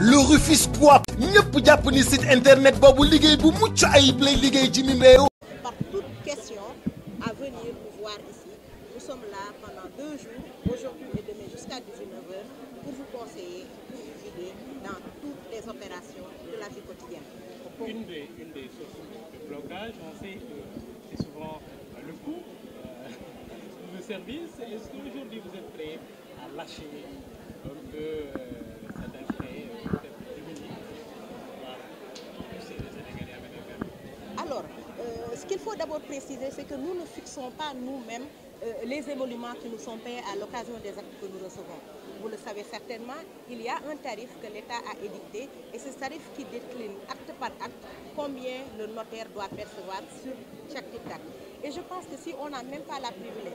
le Ne ñëpp pas ni site internet bobu liggéey bu mucc ayib lay liggéey ci mim réew. par toute question à venir vous voir ici nous sommes là pendant deux jours aujourd'hui et demain jusqu'à 19h pour vous conseiller pour vous guider dans toutes les opérations de la vie quotidienne. une des une des sources de blocage on sait que c'est souvent euh, le coût euh, service est-ce qu'aujourd'hui vous êtes prêt à lâcher un peu. faut d'abord préciser, c'est que nous ne fixons pas nous-mêmes euh, les émoluments qui nous sont payés à l'occasion des actes que nous recevons. Vous le savez certainement, il y a un tarif que l'État a édicté et c'est ce tarif qui décline acte par acte combien le notaire doit percevoir sur chaque acte. Et je pense que si on n'a même pas la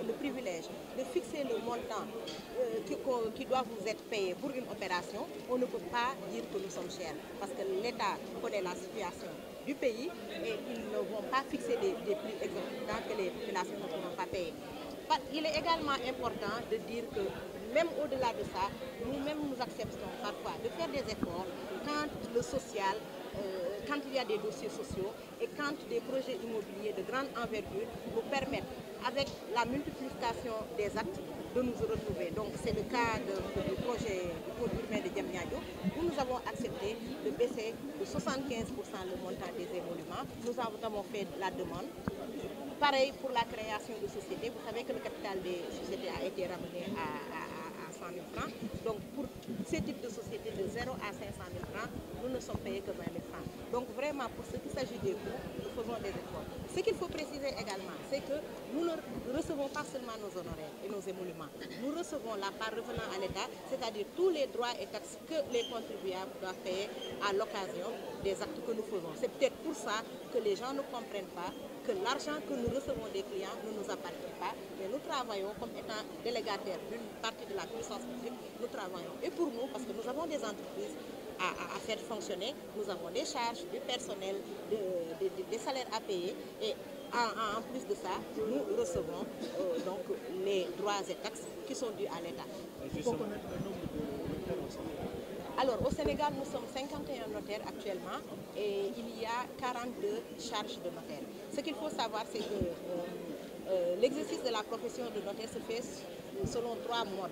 le privilège de fixer le montant euh, qui, qui, doit vous être payé pour une opération, on ne peut pas dire que nous sommes chers parce que l'État connaît la situation du pays et il fixer des, prix exorbitants que les populations ne pourront pas payer. Il est également important de dire que même au-delà de ça, nous-mêmes nous acceptons parfois de faire des efforts quand le social, euh, quand il y a des dossiers sociaux et quand des projets immobiliers de grande envergure nous permettent, avec la multiplication des actes, de nous retrouver. Donc c'est le cas de, du projet du cours urbain de Diamniadio où nous avons accepté de baisser de 75% le montant des évoluments. Nous avons fait la demande. Pareil pour la création de sociétés. Vous savez que le capital des sociétés a été ramené à donc pour ce type de société de 0 à 500 000 francs, nous ne sommes payés que 20 000 francs. Donc vraiment, pour ce qui s'agit des coûts, nous faisons des efforts. Ce qu'il faut préciser également, c'est que nous ne recevons pas seulement nos honoraires et nos émoluments. Nous recevons la part revenant à l'État, c'est-à-dire tous les droits et taxes que les contribuables doivent payer à l'occasion des actes que nous faisons. C'est peut-être pour ça que les gens ne comprennent pas que l'argent que nous recevons des clients ne nous appartient pas, mais nous travaillons comme étant délégataire d'une partie de la puissance publique, nous travaillons. Et pour nous, parce que nous avons des entreprises à, faire fonctionner, nous avons des charges, du personnel, des salaires à payer et en, plus de ça, nous recevons euh, donc les droits et taxes qui sont dus à l'État. Alors, au Sénégal, nous sommes 51 notaires actuellement et il y a 42 charges de notaires. Ce qu'il faut savoir, c'est que euh, euh, l'exercice de la profession de notaire se fait selon trois modes.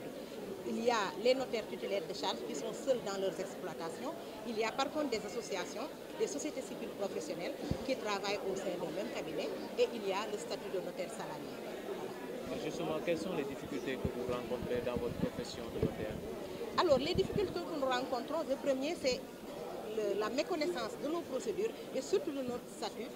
Il y a les notaires titulaires de charge qui sont seuls dans leurs exploitations. Il y a par contre des associations, des sociétés civiles professionnelles qui travaillent au sein du même cabinet. Et il y a le statut de notaire salarié. Justement, quelles sont les difficultés que vous rencontrez dans votre profession de notaire Alors, les difficultés que nous rencontrons, le premier, c'est la méconnaissance de nos procédures et surtout de notre statut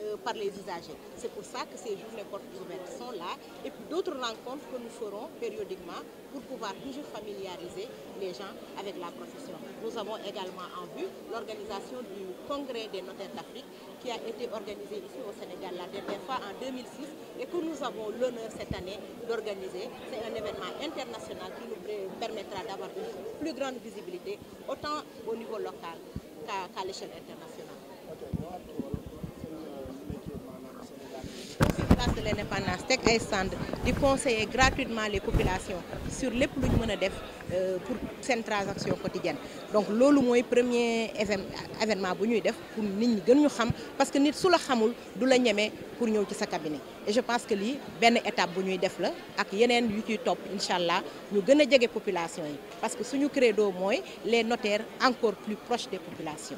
euh, par les usagers. C'est pour ça que ces journées portes ouvertes sont là et puis d'autres rencontres que nous ferons périodiquement pour pouvoir toujours familiariser les gens avec la profession. Nous avons également en vue l'organisation du Congrès des notaires d'Afrique qui a été organisé ici au Sénégal la dernière fois en 2006 et que nous avons l'honneur cette année d'organiser. C'est un événement international qui nous permettra d'avoir une plus grande visibilité autant au niveau local qu'à l'échelle internationale. de l'indépendance Tech est stand de conseiller gratuitement les populations sur les plus de pour ces transactions quotidiennes. donc le le premier événement bu def pour nit ñi gën ñu parce que nit su la xamul pas pour nous ci sa cabinet et je pense que c'est benn étape bu ñuy def la ak yeneen yu ciy topp incha ñu population parce que suñu credo mooy les notaires encore plus proches des populations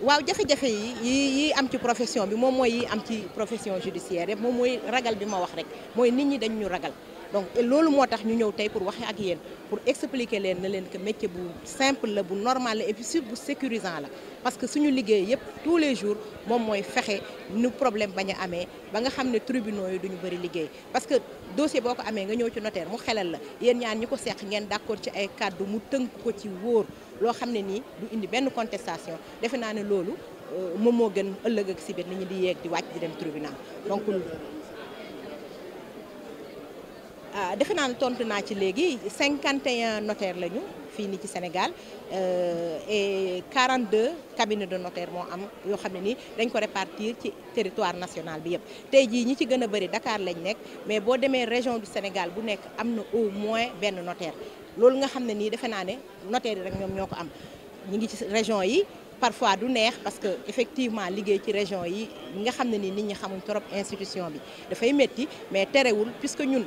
waaw jafe-jafe yi yi am ci profession bi moom mooy yi am ci profession judiciaire yëpp moom mooy ragal bi ma wax rek mooy nit ñi dañu ñu ragal donc loolu moo tax ñu ñëw tey pour waxee ak yéen pour expliquer leen na leen que métier bu simple la bu normal et puis surtout bu sécurisant la parce que suñu liggéey yëpp tous les jours moom mooy fexe nu problème bañ a amee ba nga xam ne tribunaux yi duñu bëri liggéey parce que dossier boo ko amee nga ñëw ci notaire mu xelal la yéen ñaan ñi ko seq d'accord ci ay kàddu mu tënk ko ci wóor loo xam ne du indi benn contestation defe naa ne loolu euh, moom moo gën ëllëg ak si biir nit ñi di yeeg di wàcc di dem tribunal donc ah, defe naa ne tontu ci 51 notaires lañu fii nii ci Sénégal euh, et 42 cabinets de notaires moo am yoo xam ni dañ ko répartir ci territoire national bi yëpp tey jii ñi ci gën bëri Dakar lañ nekk mais boo demee région du Sénégal bu nekk am au moins benn notaire loolu nga xam ne nii defe naa notaire yi rek ñoom am ñi ci région yi. parfois du neex parce que effectivement liggéey ci région yi nga xamné ni nit ñi xamuñ trop institution bi fay metti mais téréwul puisque ñun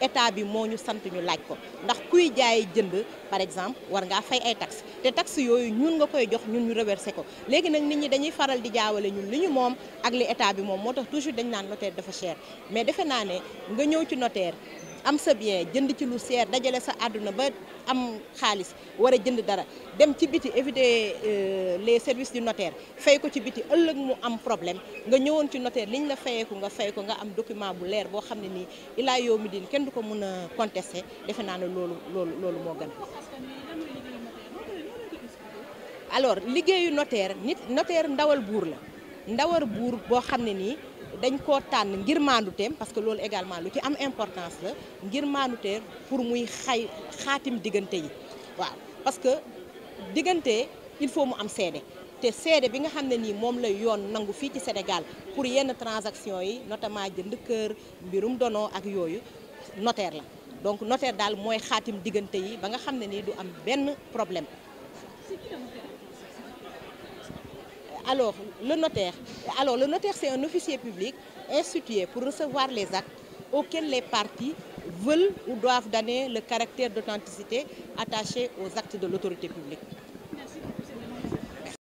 état bi moo sant ñu laaj ko ndax kuy jaay jënd par exemple war nga fay ay taxes té taxes yoyu ñun nga koy jox ñun ñu reverser ko légui nak nit ñi dañuy faral di jaawale ñun liñu mom ak li état bi mom motax toujours dañ naan notaire dafa cher mais défé na né nga ñëw ci notaire am sa bien jënd ci lu seer dajale sa àdduna ba am xaalis war a jënd dara dem ci biti éviter euh, les services di notaire fay ko ci biti ëllëg mu am problème nga ñëwoon ci notaire liñ la fayeeku nga fay ko nga am document bu leer boo xam ne nii ilaa yow mu din kenn du ko mën a contester defe naa ne loolu loolu loolu moo gën alors liggéeyu notaire nit notaire ndawal buur la ndawal buur boo xam ne nii dañ ko tànn ngir maanduteem parce que loolu également lu ci am importance la ngir maanduteem pour muy xay khatim diggante yi waaw parce que diggante il faut mu am seede té seede bi nga xamné ni mom moom la yoon nangu fii ci Sénégal pour yenn transaction yi notamment jënd kër mbirum dono ak yoyu notaire la donc notaire dal moy khatim diggante yi ba nga xamné ni du am benn problème alors, le notaire, le notaire, c'est un officier public institué pour recevoir les actes auxquels les parties veulent ou doivent donner le caractère d'authenticité attaché aux actes de l'autorité publique.